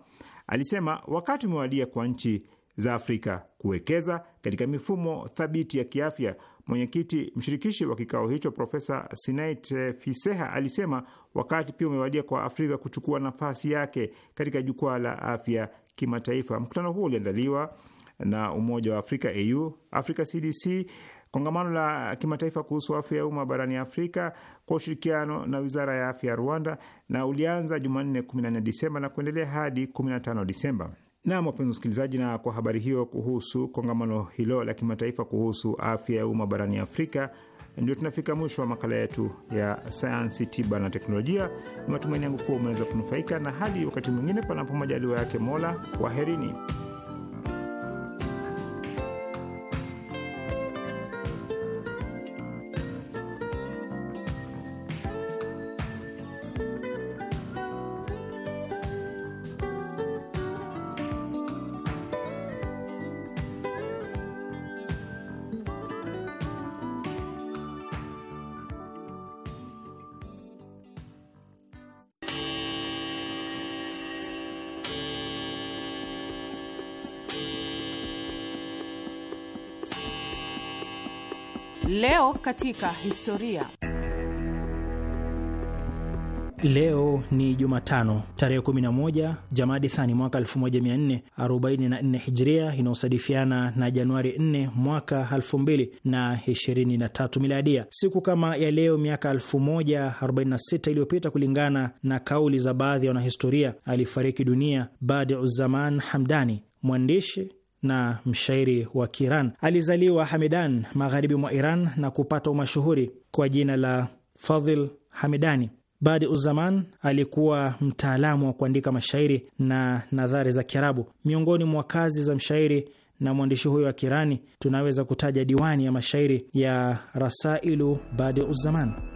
alisema wakati umewadia kwa nchi za Afrika kuwekeza katika mifumo thabiti ya kiafya. Mwenyekiti mshirikishi wa kikao hicho Profesa Sinait Fiseha alisema wakati pia umewadia kwa Afrika kuchukua nafasi yake katika jukwaa la afya kimataifa. Mkutano huo uliandaliwa na Umoja wa Afrika au Africa CDC, kongamano la kimataifa kuhusu afya ya umma barani Afrika kwa ushirikiano na wizara ya afya ya Rwanda, na ulianza Jumanne 14 Disemba na kuendelea hadi 15 Disemba. Nam, wapenzi wasikilizaji, na kwa habari hiyo kuhusu kongamano hilo la kimataifa kuhusu afya ya umma barani Afrika, ndio tunafika mwisho wa makala yetu ya sayansi, tiba na teknolojia. Ni matumaini yangu kuwa umeweza kunufaika, na hadi wakati mwingine, panapo majaliwa yake Mola, kwaherini. katika historia. Leo ni Jumatano tarehe 11 Jamadi Thani mwaka 1444 Hijria, inayosadifiana na Januari 4 mwaka 2023 Miladia. Siku kama ya leo miaka 1046 iliyopita, kulingana na kauli za baadhi ya wanahistoria, alifariki dunia badi uzaman Hamdani, mwandishi na mshairi wa Kiiran. Alizaliwa Hamidan, magharibi mwa Iran, na kupata umashuhuri kwa jina la Fadhil Hamidani. Badi Uzaman alikuwa mtaalamu wa kuandika mashairi na nadhari za Kiarabu. Miongoni mwa kazi za mshairi na mwandishi huyo wa Kirani tunaweza kutaja diwani ya mashairi ya Rasailu Badi Uzaman.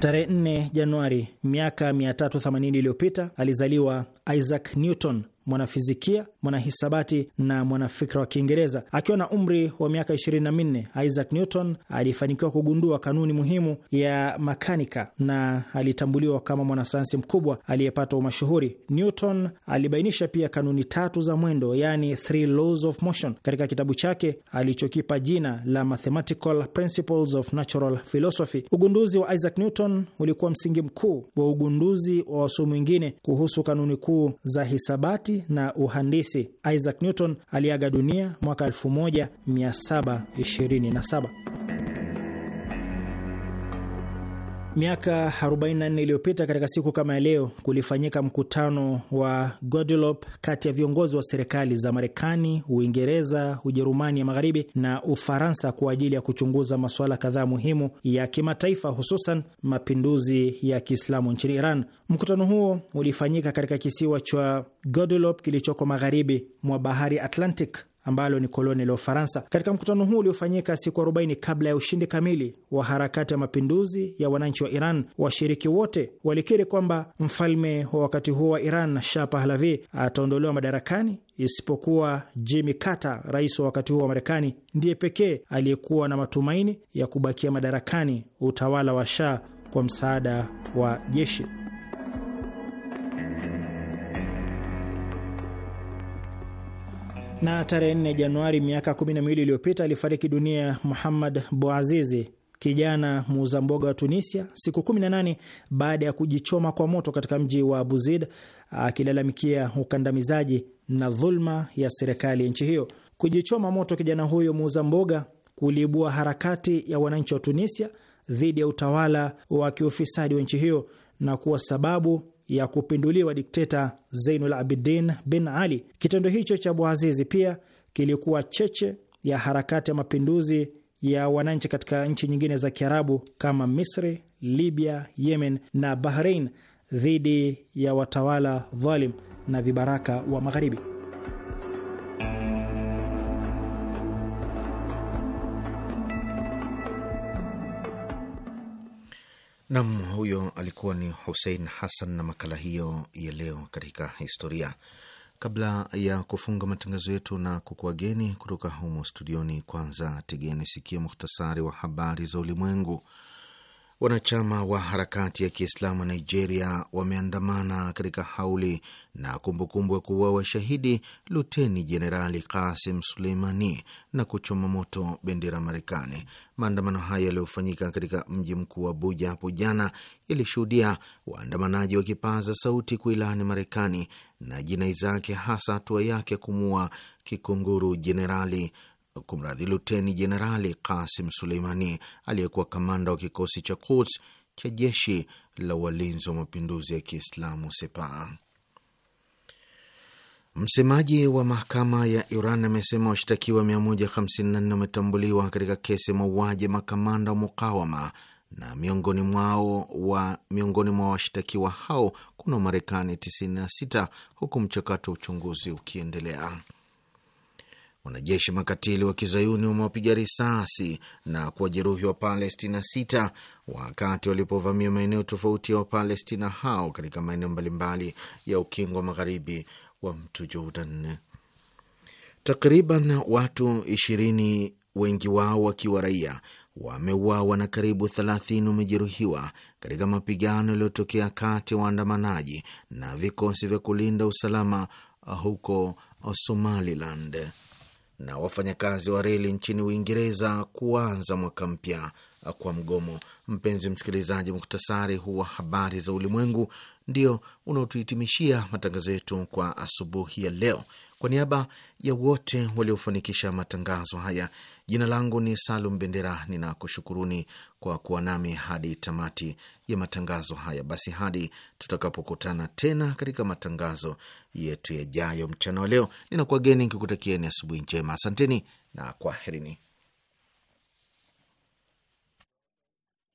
Tarehe 4 Januari miaka 380 iliyopita alizaliwa Isaac Newton, mwanafizikia, mwanahisabati na mwanafikra wa Kiingereza. Akiwa na umri wa miaka 24, Isaac Newton alifanikiwa kugundua kanuni muhimu ya makanika na alitambuliwa kama mwanasayansi mkubwa aliyepata umashuhuri. Newton alibainisha pia kanuni tatu za mwendo, yani three laws of motion, katika kitabu chake alichokipa jina la Mathematical Principles of Natural Philosophy. Ugunduzi wa Isaac Newton ulikuwa msingi mkuu wa ugunduzi wa wasomi wengine kuhusu kanuni kuu za hisabati na uhandisi Isaac Newton aliaga dunia mwaka 1727. Miaka 44 iliyopita katika siku kama ya leo kulifanyika mkutano wa Godelop kati ya viongozi wa serikali za Marekani, Uingereza, Ujerumani ya Magharibi na Ufaransa kwa ajili ya kuchunguza masuala kadhaa muhimu ya kimataifa, hususan mapinduzi ya Kiislamu nchini Iran. Mkutano huo ulifanyika katika kisiwa cha Godelop kilichoko magharibi mwa bahari Atlantic ambalo ni koloni la Ufaransa. Katika mkutano huu uliofanyika siku 40 kabla ya ushindi kamili wa harakati ya mapinduzi ya wananchi wa Iran, washiriki wote walikiri kwamba mfalme wa wakati huo wa Iran, Shah Pahlavi, ataondolewa madarakani isipokuwa Jimmy Carter, rais wa wakati huo wa Marekani, ndiye pekee aliyekuwa na matumaini ya kubakia madarakani utawala wa Shah kwa msaada wa jeshi. na tarehe 4 Januari miaka 12 iliyopita alifariki dunia Muhammad Bouazizi, kijana muuza mboga wa Tunisia, siku 18 baada ya kujichoma kwa moto katika mji wa Buzid, akilalamikia ukandamizaji na dhulma ya serikali ya nchi hiyo. Kujichoma moto kijana huyo muuza mboga kuliibua harakati ya wananchi wa Tunisia dhidi ya utawala wa kiufisadi wa nchi hiyo na kuwa sababu ya kupinduliwa dikteta Zeinul Abidin bin Ali. Kitendo hicho cha buazizi pia kilikuwa cheche ya harakati ya mapinduzi ya wananchi katika nchi nyingine za Kiarabu kama Misri, Libya, Yemen na bahrein dhidi ya watawala dhalim na vibaraka wa Magharibi. Nam, huyo alikuwa ni Husein Hassan na makala hiyo ya leo katika historia. Kabla ya kufunga matangazo yetu na kukuwageni kutoka humo studioni, kwanza tegeni sikia muhtasari wa habari za ulimwengu. Wanachama wa harakati ya Kiislamu Nigeria wameandamana katika hauli na kumbukumbu ya kuwa washahidi Luteni Jenerali Kasim Suleimani na kuchoma moto bendera Marekani. Maandamano hayo yaliyofanyika katika mji mkuu wa Abuja hapo jana yalishuhudia waandamanaji wakipaza sauti kuilani Marekani na jinai zake, hasa hatua yake kumua kikunguru Jenerali kumradhi, luteni jenerali Kasim Suleimani aliyekuwa kamanda wa kikosi cha Quds cha jeshi la walinzi wa mapinduzi ya Kiislamu sepa Msemaji wa mahakama ya Iran amesema washtakiwa 154 wametambuliwa katika kesi ya mauaji makamanda wa mukawama na miongoni mwao wa miongoni mwa washtakiwa hao kuna marekani 96 huku mchakato wa uchunguzi ukiendelea. Wanajeshi makatili wa kizayuni wamewapiga risasi na kuwajeruhi wa Palestina sita wakati walipovamia maeneo tofauti ya Wapalestina hao katika maeneo mbalimbali ya ukingo magharibi wa mto Jordan. Takriban watu ishirini, wengi wao wakiwa raia, wameuawa na karibu thelathini wamejeruhiwa katika mapigano yaliyotokea kati ya waandamanaji na vikosi vya kulinda usalama huko Somaliland na wafanyakazi wa reli nchini Uingereza kuanza mwaka mpya kwa mgomo. Mpenzi msikilizaji, muktasari huu wa habari za ulimwengu ndio unaotuhitimishia matangazo yetu kwa asubuhi ya leo. Kwa niaba ya wote waliofanikisha matangazo haya Jina langu ni Salum Bendera, ninakushukuruni kwa kuwa nami hadi tamati ya matangazo haya. Basi hadi tutakapokutana tena katika matangazo yetu yajayo mchana wa leo, ninakuwageni nikikutakieni asubuhi njema. Asanteni na kwaherini.